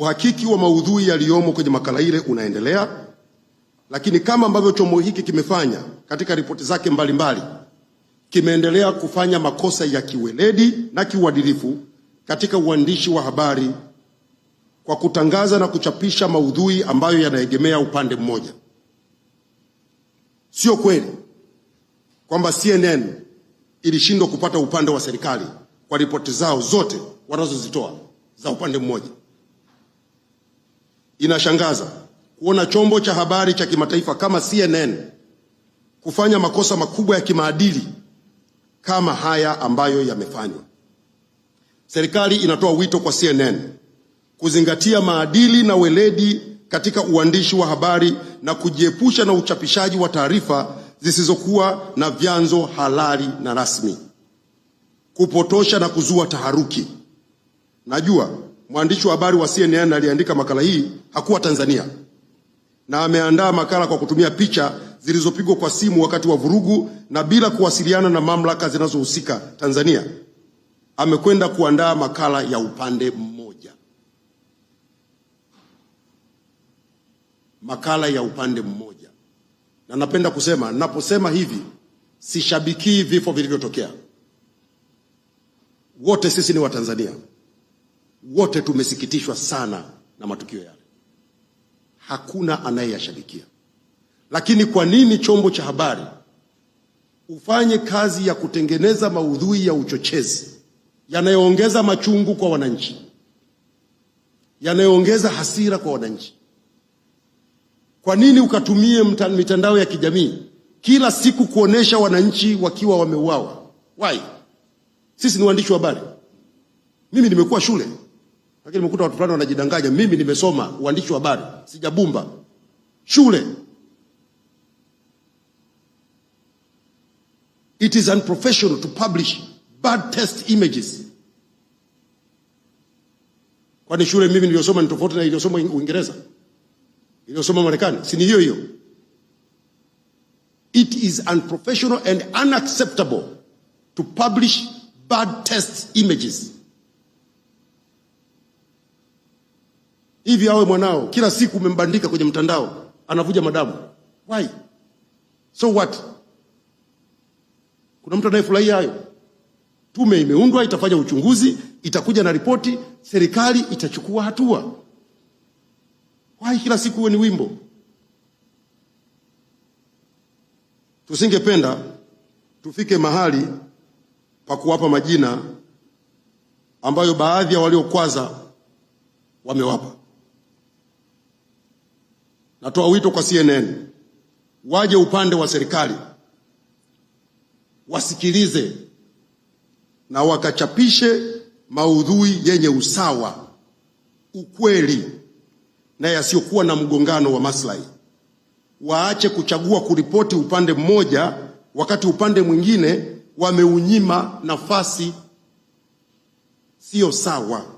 Uhakiki wa maudhui yaliyomo kwenye makala ile unaendelea, lakini kama ambavyo chombo hiki kimefanya katika ripoti zake mbalimbali, kimeendelea kufanya makosa ya kiweledi na kiuadilifu katika uandishi wa habari kwa kutangaza na kuchapisha maudhui ambayo yanaegemea upande mmoja. Sio kweli kwamba CNN ilishindwa kupata upande wa serikali kwa ripoti zao zote wanazozitoa za upande mmoja. Inashangaza kuona chombo cha habari cha kimataifa kama CNN kufanya makosa makubwa ya kimaadili kama haya ambayo yamefanywa. Serikali inatoa wito kwa CNN kuzingatia maadili na weledi katika uandishi wa habari na kujiepusha na uchapishaji wa taarifa zisizokuwa na vyanzo halali na rasmi, kupotosha na kuzua taharuki. Najua mwandishi wa habari wa CNN aliyeandika makala hii hakuwa Tanzania na ameandaa makala kwa kutumia picha zilizopigwa kwa simu wakati wa vurugu na bila kuwasiliana na mamlaka zinazohusika Tanzania. Amekwenda kuandaa makala ya upande mmoja, makala ya upande mmoja. Na napenda kusema, naposema hivi sishabikii vifo vilivyotokea. Wote sisi ni Watanzania wote tumesikitishwa sana na matukio yale, hakuna anayeyashabikia. Lakini kwa nini chombo cha habari ufanye kazi ya kutengeneza maudhui ya uchochezi yanayoongeza machungu kwa wananchi, yanayoongeza hasira kwa wananchi? Kwa nini ukatumie mitandao ya kijamii kila siku kuonesha wananchi wakiwa wameuawa? Why? Sisi ni waandishi wa habari, mimi nimekuwa shule lakini mkuta watu fulani wanajidanganya, mimi nimesoma uandishi wa habari, sijabumba shule. It is unprofessional to publish bad test images. Kwani shule mimi niliyosoma ni tofauti na iliyosoma Uingereza, iliyosoma Marekani? Si ni hiyo hiyo? It is unprofessional and unacceptable to publish bad test images. hivi awe mwanao kila siku umembandika kwenye mtandao anavuja madamu why so what kuna mtu anayefurahia hayo tume imeundwa itafanya uchunguzi itakuja na ripoti serikali itachukua hatua why kila siku huwe ni wimbo tusingependa tufike mahali pa kuwapa majina ambayo baadhi ya waliokwaza wamewapa Natoa wito kwa CNN waje upande wa serikali, wasikilize na wakachapishe maudhui yenye usawa, ukweli na yasiyokuwa na mgongano wa maslahi. Waache kuchagua kuripoti upande mmoja wakati upande mwingine wameunyima nafasi. Siyo sawa.